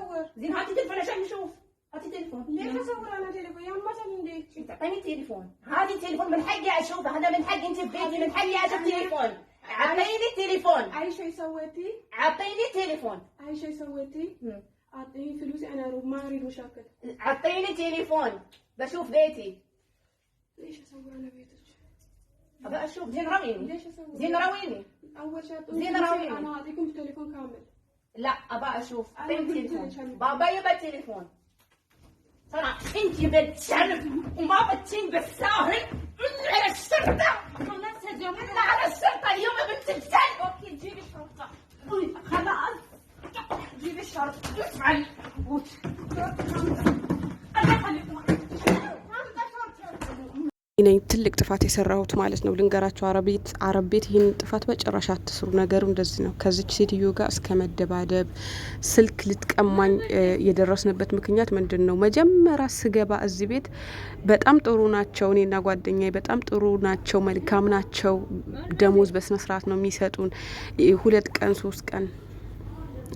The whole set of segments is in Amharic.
صور زين هاتي تليفون عشان نشوف هاتي تليفون ليش اصور انا تليفون يا مثلا ليش تعطيني هذه التليفون من حقي اشوفه هذا من حقي انت ببيتي من حقي اشوف تليفون اعطيني التليفون اي شيء سويتي اعطيني التليفون اي شيء سويتي اعطيني فلوسي انا ما اريد مشاكل اعطيني تليفون بشوف بيتي ليش اصور انا بيتك ابى اشوف زين راويني ليش اصور زين راويني اول شيء زين راويني انا اعطيكم التليفون كامل لا ابى اشوف بنتي بابا يبى تليفون ترى انت بتشرف وما بتشين بالساهل من على الشرطه خلاص يا جماعه على الشرطه اليوم بنت الجن اوكي جيبي الشرطه خلاص جيبي الشرطه اسمعي ትልቅ ጥፋት የሰራሁት ማለት ነው። ልንገራቸው አረቤት አረብ ቤት ይህን ጥፋት በጭራሽ አትስሩ። ነገሩ እንደዚህ ነው። ከዚች ሴትዮ ጋር እስከ መደባደብ ስልክ ልትቀማኝ የደረስንበት ምክንያት ምንድን ነው? መጀመሪያ ስገባ እዚህ ቤት በጣም ጥሩ ናቸው፣ እኔና ጓደኛ በጣም ጥሩ ናቸው፣ መልካም ናቸው። ደሞዝ በስነስርዓት ነው የሚሰጡን። ሁለት ቀን ሶስት ቀን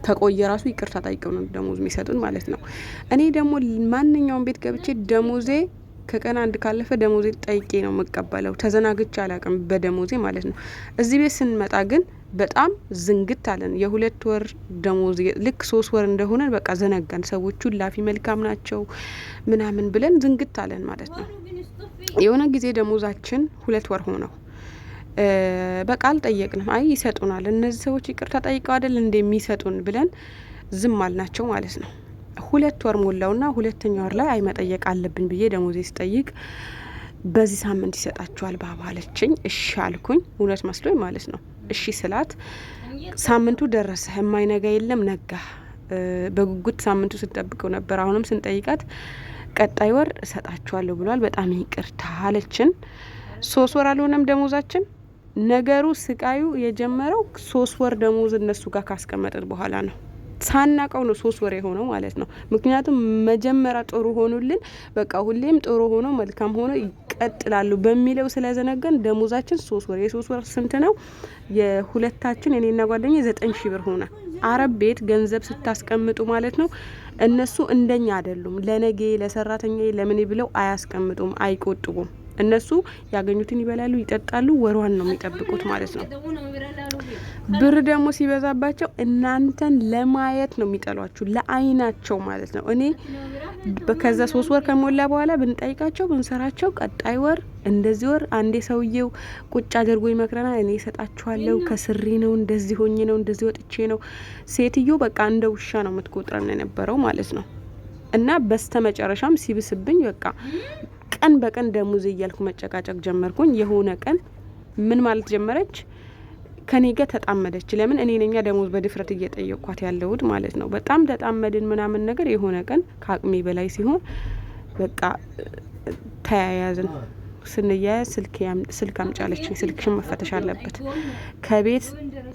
ከቆየ ራሱ ይቅርታ ጠይቀው ነው ደሞዝ የሚሰጡን ማለት ነው። እኔ ደግሞ ማንኛውም ቤት ገብቼ ደሞዜ ከቀን አንድ ካለፈ ደሞዜ ጠይቄ ነው የምቀበለው። ተዘናግቼ አላቅም በደሞዜ ማለት ነው። እዚህ ቤት ስንመጣ ግን በጣም ዝንግት አለን። የሁለት ወር ደሞዝ ልክ ሶስት ወር እንደሆነ በቃ ዘነጋን። ሰዎቹ ላፊ መልካም ናቸው ምናምን ብለን ዝንግት አለን ማለት ነው። የሆነ ጊዜ ደሞዛችን ሁለት ወር ሆነው በቃ አልጠየቅንም። አይ ይሰጡናል፣ እነዚህ ሰዎች ይቅርታ ጠይቀው አይደል እንደሚሰጡን ብለን ዝም አልናቸው ማለት ነው። ሁለት ወር ሞላውና ሁለተኛ ወር ላይ አይመጠየቅ አለብኝ ብዬ ደሞዜ ስጠይቅ በዚህ ሳምንት ይሰጣችኋል ባባለችኝ እሺ አልኩኝ፣ እውነት መስሎኝ ማለት ነው። እሺ ስላት ሳምንቱ ደረሰ፣ የማይነጋ የለም ነጋ። በጉጉት ሳምንቱ ስንጠብቀው ነበር። አሁንም ስንጠይቃት ቀጣይ ወር እሰጣችኋለሁ ብሏል፣ በጣም ይቅርታ አለችን። ሶስት ወር አልሆነም ደሞዛችን። ነገሩ ስቃዩ የጀመረው ሶስት ወር ደሞዝ እነሱ ጋር ካስቀመጥን በኋላ ነው። ሳናቀው ነው ሶስት ወር የሆነው ማለት ነው። ምክንያቱም መጀመሪያ ጥሩ ሆኑልን፣ በቃ ሁሌም ጥሩ ሆኖ መልካም ሆኖ ይቀጥላሉ በሚለው ስለዘነገን ደሞዛችን ሶስት ወር የሶስት ወር ስንት ነው? የሁለታችን የኔና ጓደኛ ዘጠኝ ሺ ብር ሆነ። አረብ ቤት ገንዘብ ስታስቀምጡ ማለት ነው እነሱ እንደኛ አይደሉም። ለነጌ ለሰራተኛ ለምን ብለው አያስቀምጡም፣ አይቆጥቡም። እነሱ ያገኙትን ይበላሉ፣ ይጠጣሉ፣ ወሯን ነው የሚጠብቁት ማለት ነው። ብር ደግሞ ሲበዛባቸው እናንተን ለማየት ነው የሚጠሏችሁ፣ ለአይናቸው ማለት ነው። እኔ ከዛ ሶስት ወር ከሞላ በኋላ ብንጠይቃቸው ብንሰራቸው ቀጣይ ወር እንደዚህ ወር አንዴ ሰውዬው ቁጭ አድርጎ ይመክረናል። እኔ እሰጣችኋለሁ፣ ከስሪ ነው፣ እንደዚህ ሆኜ ነው፣ እንደዚህ ወጥቼ ነው። ሴትዮ በቃ እንደ ውሻ ነው የምትቆጥረን የነበረው ማለት ነው። እና በስተ መጨረሻም ሲብስብኝ በቃ ቀን በቀን ደሙዝ እያልኩ መጨቃጨቅ ጀመርኩኝ። የሆነ ቀን ምን ማለት ጀመረች? ከኔ ጋር ተጣመደች። ለምን እኔ ነኛ ደሞዝ በድፍረት እየጠየቅኳት ያለሁት ማለት ነው። በጣም ተጣመድን ምናምን ነገር። የሆነ ቀን ከአቅሜ በላይ ሲሆን በቃ ተያያዝን። ስንያያዝ ስልክ አምጫለች። ስልክሽን መፈተሽ አለበት። ከቤት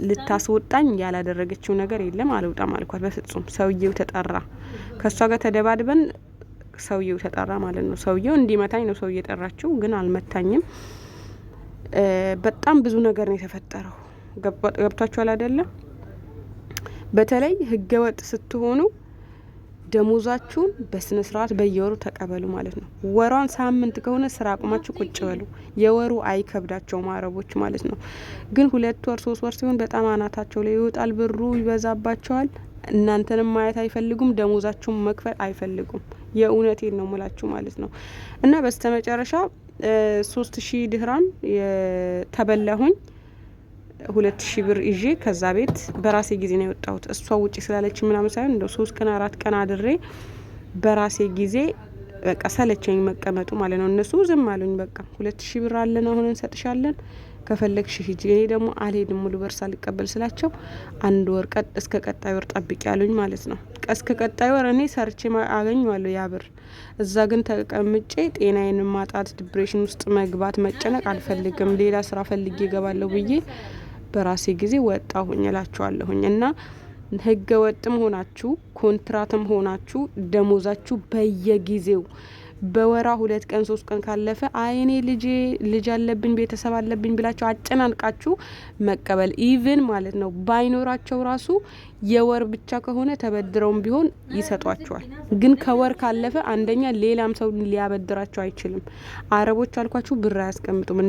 ልታስወጣኝ ያላደረገችው ነገር የለም። አልወጣም አልኳት። በፍጹም ሰውዬው ተጠራ። ከእሷ ጋር ተደባድበን ሰውየው ተጠራ ማለት ነው። ሰውየው እንዲመታኝ ነው ሰው የጠራችው ግን አልመታኝም። በጣም ብዙ ነገር ነው የተፈጠረው። ገብቷችኋል አይደለም? በተለይ ህገወጥ ስትሆኑ ደሞዛችሁን በስነ ስርዓት በየወሩ ተቀበሉ ማለት ነው። ወሯን ሳምንት ከሆነ ስራ አቁማችሁ ቁጭ በሉ። የወሩ አይከብዳቸውም አረቦች ማለት ነው። ግን ሁለት ወር ሶስት ወር ሲሆን በጣም አናታቸው ላይ ይወጣል፣ ብሩ ይበዛባቸዋል። እናንተንም ማየት አይፈልጉም፣ ደሞዛችሁን መክፈል አይፈልጉም። የእውነቴን ነው ምላችሁ ማለት ነው። እና በስተ መጨረሻ ሶስት ሺ ድህራም ተበላሁኝ። ሁለት ሺ ብር ይዤ ከዛ ቤት በራሴ ጊዜ ነው የወጣሁት። እሷ ውጭ ስላለች ምናምን ሳይሆን እንደ ሶስት ቀን አራት ቀን አድሬ በራሴ ጊዜ በቃ ሰለቸኝ መቀመጡ ማለት ነው። እነሱ ዝም አሉኝ። በቃ ሁለት ሺ ብር አለን አሁን እንሰጥሻለን ከፈለግሽ ሂጂ፣ እኔ ደግሞ አልሄድም ሙሉ በርሳ ሊቀበል ስላቸው አንድ ወር ቀጥ እስከ ቀጣይ ወር ጠብቂ ያሉኝ ማለት ነው። እስከ ቀጣይ ወር እኔ ሰርቼ አገኘዋለሁ ያ ብር። እዛ ግን ተቀምጬ ጤናዬን ማጣት፣ ዲፕሬሽን ውስጥ መግባት፣ መጨነቅ አልፈልግም። ሌላ ስራ ፈልጌ እገባለሁ ብዬ በራሴ ጊዜ ወጣሁኝ እላችኋለሁኝ እና ህገ ወጥም ሆናችሁ ኮንትራትም ሆናችሁ ደሞዛችሁ በየጊዜው በወራ ሁለት ቀን ሶስት ቀን ካለፈ አይኔ ልጄ ልጅ አለብኝ ቤተሰብ አለብኝ ብላችሁ አጨናንቃችሁ መቀበል ኢቭን ማለት ነው። ባይኖራቸው ራሱ የወር ብቻ ከሆነ ተበድረውም ቢሆን ይሰጧቸዋል። ግን ከወር ካለፈ አንደኛ ሌላም ሰው ሊያበድራቸው አይችልም። አረቦች አልኳችሁ ብር አያስቀምጡም።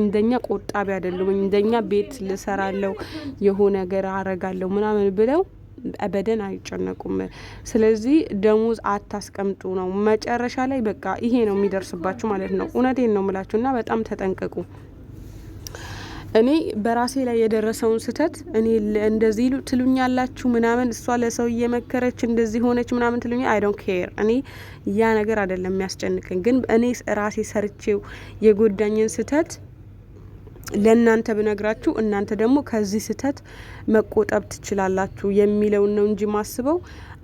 እንደኛ ቆጣቢ አይደሉም። እንደኛ ቤት ልሰራለው የሆነ ነገር አረጋለሁ ምናምን ብለው አበደን አይጨነቁም። ስለዚህ ደሞዝ አታስቀምጡ ነው መጨረሻ ላይ በቃ ይሄ ነው የሚደርስባችሁ ማለት ነው። እውነቴን ነው የምላችሁ እና በጣም ተጠንቀቁ። እኔ በራሴ ላይ የደረሰውን ስህተት እኔ እንደዚህ ትሉኛላችሁ ምናምን እሷ ለሰው እየመከረች እንደዚህ ሆነች ምናምን ትሉኛ አይ ዶንት ኬር እኔ ያ ነገር አይደለም የሚያስጨንቀኝ። ግን እኔ ራሴ ሰርቼው የጎዳኝን ስህተት ለእናንተ ብነግራችሁ እናንተ ደግሞ ከዚህ ስህተት መቆጠብ ትችላላችሁ የሚለውን ነው እንጂ ማስበው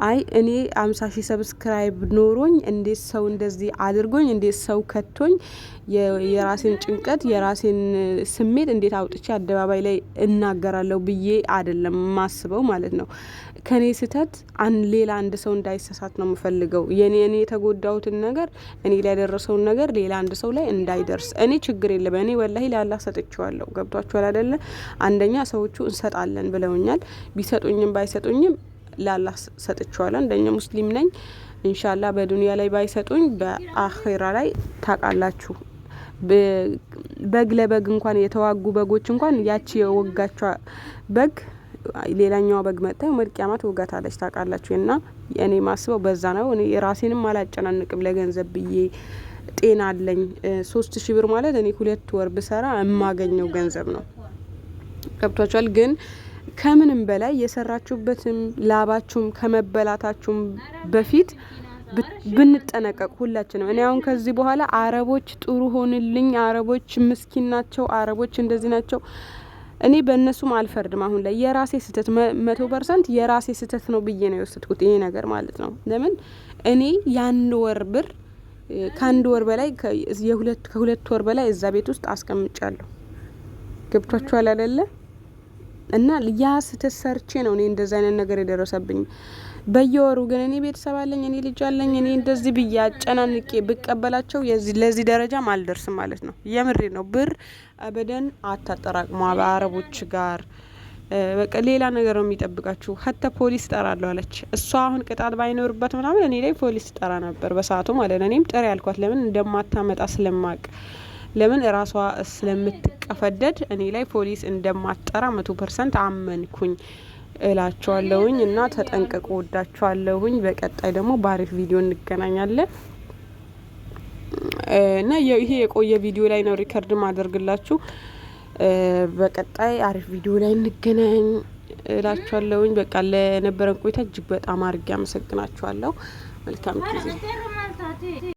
አይ እኔ አምሳ ሺህ ሰብስክራይብ ኖሮኝ እንዴት ሰው እንደዚህ አድርጎኝ እንዴት ሰው ከቶኝ የራሴን ጭንቀት የራሴን ስሜት እንዴት አውጥቼ አደባባይ ላይ እናገራለሁ ብዬ አይደለም ማስበው ማለት ነው። ከኔ ስህተት ሌላ አንድ ሰው እንዳይሳሳት ነው የምፈልገው። የኔ እኔ የተጎዳሁትን ነገር እኔ ላይ ያደረሰውን ነገር ሌላ አንድ ሰው ላይ እንዳይደርስ እኔ ችግር የለም እኔ ወላሂ ላላ ሰጥቼዋለሁ። ገብቷችኋል አይደለ? አንደኛ ሰዎቹ እንሰጣለን ብለውኛል። ቢሰጡኝም ባይሰጡኝም ለአላህ ሰጥቼዋለሁ። አንደኛ ሙስሊም ነኝ። እንሻላ በዱንያ ላይ ባይሰጡኝ በአኼራ ላይ ታውቃላችሁ። በግ ለበግ እንኳን የተዋጉ በጎች እንኳን ያቺ የወጋቸው በግ ሌላኛዋ በግ መጥታ የውመል ውጋት ትወጋታለች። ታውቃላችሁ። እና እኔ ማስበው በዛ ነው። እኔ ራሴንም አላጨናንቅም ለገንዘብ ብዬ ጤና አለኝ። ሶስት ሺ ብር ማለት እኔ ሁለት ወር ብሰራ የማገኘው ገንዘብ ነው። ገብቷችኋል ግን ከምንም በላይ የሰራችሁበትም ላባችሁም ከመበላታችሁም በፊት ብንጠነቀቅ ሁላችንም። እኔ አሁን ከዚህ በኋላ አረቦች ጥሩ ሆንልኝ፣ አረቦች ምስኪን ናቸው፣ አረቦች እንደዚህ ናቸው፣ እኔ በእነሱም አልፈርድም። አሁን ላይ የራሴ ስህተት መቶ ፐርሰንት የራሴ ስህተት ነው ብዬ ነው የወሰድኩት ይሄ ነገር ማለት ነው። ለምን እኔ የአንድ ወር ብር ከአንድ ወር በላይ ከሁለት ወር በላይ እዛ ቤት ውስጥ አስቀምጫለሁ። ገብቷችኋል አይደለ? እና ያ ስተት ሰርቼ ነው እኔ እንደዚህ አይነት ነገር የደረሰብኝ። በየወሩ ግን እኔ ቤተሰብ አለኝ፣ እኔ ልጅ አለኝ፣ እኔ እንደዚህ ብዬ አጨናንቄ ብቀበላቸው ለዚህ ደረጃም አልደርስም ማለት ነው። የምሬ ነው። ብር አበደን አታጠራቅሟ። በአረቦች ጋር በቃ ሌላ ነገር ነው የሚጠብቃችሁ። ሀተ ፖሊስ ጠራለሁ አለች እሷ። አሁን ቅጣት ባይኖርበት ምናምን እኔ ላይ ፖሊስ ጠራ ነበር በሰዓቱ ማለት ነው። እኔም ጥሪ ያልኳት ለምን እንደማታመጣ ስለማቅ ለምን እራሷ ስለምትቀፈደድ እኔ ላይ ፖሊስ እንደማጠራ መቶ ፐርሰንት አመንኩኝ እላችኋለሁኝ። እና ተጠንቀቁ። ወዳችኋለሁኝ። በቀጣይ ደግሞ በአሪፍ ቪዲዮ እንገናኛለን። እና ይሄ የቆየ ቪዲዮ ላይ ነው ሪከርድ ማደርግላችሁ። በቀጣይ አሪፍ ቪዲዮ ላይ እንገናኝ እላችኋለሁኝ። በቃ ለነበረን ቆይታ እጅግ በጣም አድርጌ አመሰግናችኋለሁ። መልካም ጊዜ